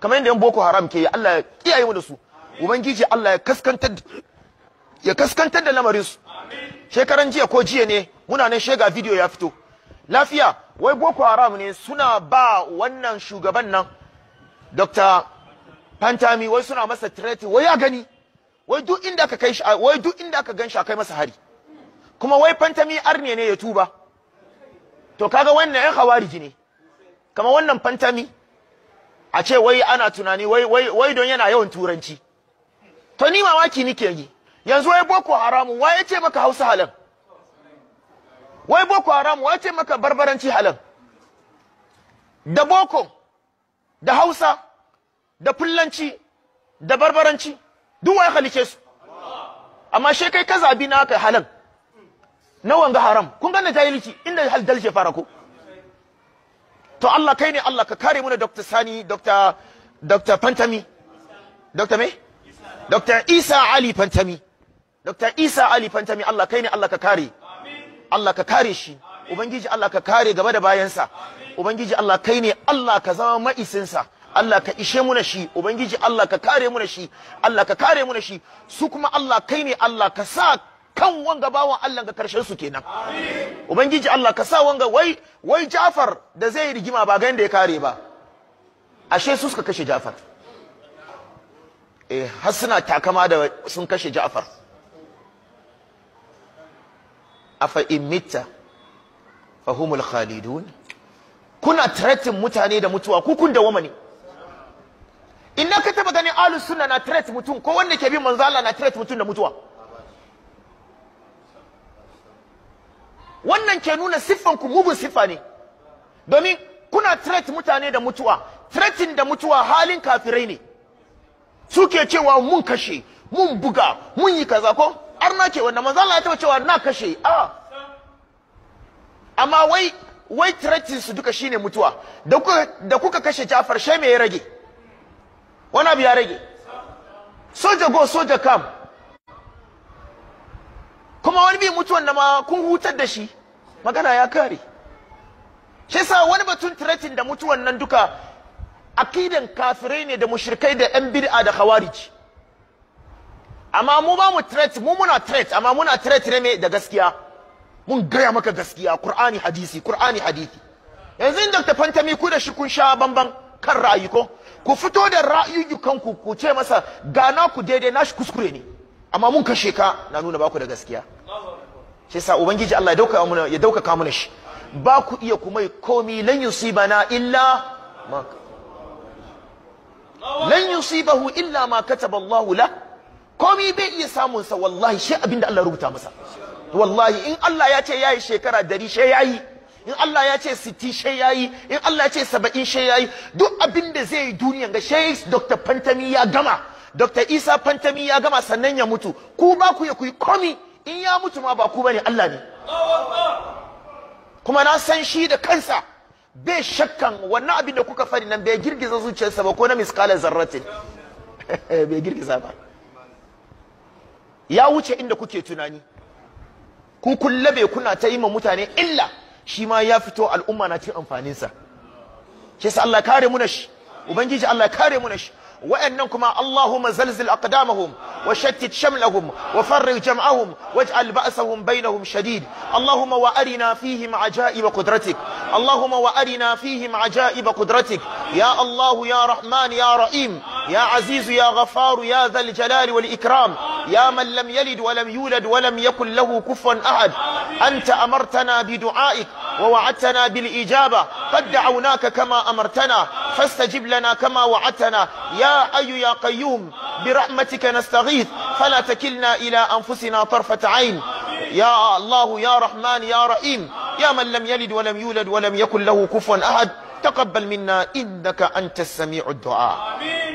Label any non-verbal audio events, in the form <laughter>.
kamar yadda yan boko haram ke yi Allah ya kiyaye mu da su ubangiji Allah ya kaskantar ya kaskantar da lamarin su shekaran jiya ko jiya ne muna nan shega video ya fito lafiya wai boko haram ne suna ba wannan shugaban nan dr pantami wai suna masa threat wai ya gani wai duk inda ka kai wai duk inda aka gan shi akai masa hari kuma wai pantami arne ne ya tuba to kaga wannan yan hawariji ne kama wannan fantami. a ce wai ana tunani wai wai wai don yana yawan turanci to ni mamaki nike yi yanzu wai boko haramu wai ya ce maka hausa halan wai boko haramu wai ya maka barbaranci halan da boko da hausa da fullanci da barbaranci duk wai halice su amma shekai kai ka zabi naka halan na wanga haram kun ga na jahilci inda hal dalje fara ko to Allah kai ne Allah ka kare muna Dr. Sani Dr. Dr. Fantami Dr. me Dr. Isa Ali Fantami Dr. Isa Ali Fantami Allah kai ne Allah ka kare Allah ka kare shi Ubangiji Allah ka kare gaba da bayansa Ubangiji Allah kai ne Allah ka zama ma'isinsa Allah ka ishe muna shi Ubangiji Allah ka kare muna shi Allah ka kare muna shi su kuma Allah kai ne Allah ka sa kan wanga bawan Allah ga karshen su kenan ubangiji Allah ka sa wanga wai wai Jafar da zai rigima ba ga da ya kare ba ashe su suka kashe Jafar eh har suna takama da sun kashe Jafar afa imitta fahumul khalidun kuna threatin mutane da mutuwa ku kun dawama ne in na ka taba ganin ahlus sunna na threat mutum ko wanda ke bin Manzala na threat mutum da mutuwa wannan ke nuna siffanku mugun siffa ne domin kuna threat mutane da mutuwa threatin da mutuwa halin kafirai ne suke cewa mun kashe mun buga mun yi kaza ko na ke wannan manzo Allah ya taba cewa na kashe a amma wai wai threatin su duka shine mutuwa da kuka da kuka kashe Jafar shi me ya rage wani abu ya rage soja go soja come kuma wani bi mutuwan da ma kun hutar da shi magana ya kare shi sa wani batun tiretin da mutuwan nan duka akidan kafirai ne da mushrikai da yan bid'a da khawarij amma mu ba mu threat mu muna threat amma muna threat ne me da gaskiya mun gaya maka gaskiya qur'ani hadisi qur'ani hadisi yanzu in dr fantami ku da shi kun sha bamban kan ra'ayi ko ku fito da ra'ayoyukan ku ku ce masa gana ku daidai nashi kuskure ne amma mun kashe ka na nuna baku da gaskiya shi sa ubangiji Allah ya dauka mana ya dauka mu shi ba ku iya kuma komi lan yusibana illa ma lan yusibahu illa ma kataba Allah la komi bai iya samun sa wallahi shi abinda Allah rubuta masa wallahi in Allah ya ce yayi shekara dari shi yayi in Allah ya ce 60 shi yayi in Allah ya ce saba'in shi yayi duk abinda zai yi duniyan ga Sheikh Dr. Pantami ya gama Dr. Isa Pantami ya gama sannan ya mutu ku ba ku ya ku yi komi in ya mutu ma ba ku bane Allah ne kuma na san shi da kansa bai shakkan wannan abin da kuka fari nan bai girgiza zuciyarsa ba ko na miskala zarratin <laughs> bai girgiza ba ya wuce inda kuke tunani ku kullabe kuna ta yi ma mutane illa shi ma ya fito al'umma na cin amfaninsa shi sa Allah kare mu na shi ubangiji Allah kare mu na shi wa'annan kuma Allahumma zalzil aqdamahum وشتت شملهم وفرق جمعهم واجعل بأسهم بينهم شديد اللهم وأرنا فيهم عجائب قدرتك اللهم وأرنا فيهم عجائب قدرتك يا الله يا رحمن يا رحيم يا عزيز يا غفار يا ذا الجلال والإكرام يا من لم يلد ولم يولد ولم يكن له كفوا أحد أنت أمرتنا بدعائك ووعدتنا بالإجابة قد دعوناك كما أمرتنا فاستجب لنا كما وعدتنا يا أي يا قيوم برحمتك نستغيث فلا تكلنا إلى أنفسنا طرفة عين يا الله يا رحمن يا رحيم يا من لم يلد ولم يولد ولم يكن له كفوا أحد تقبل منا إنك أنت السميع الدعاء آمين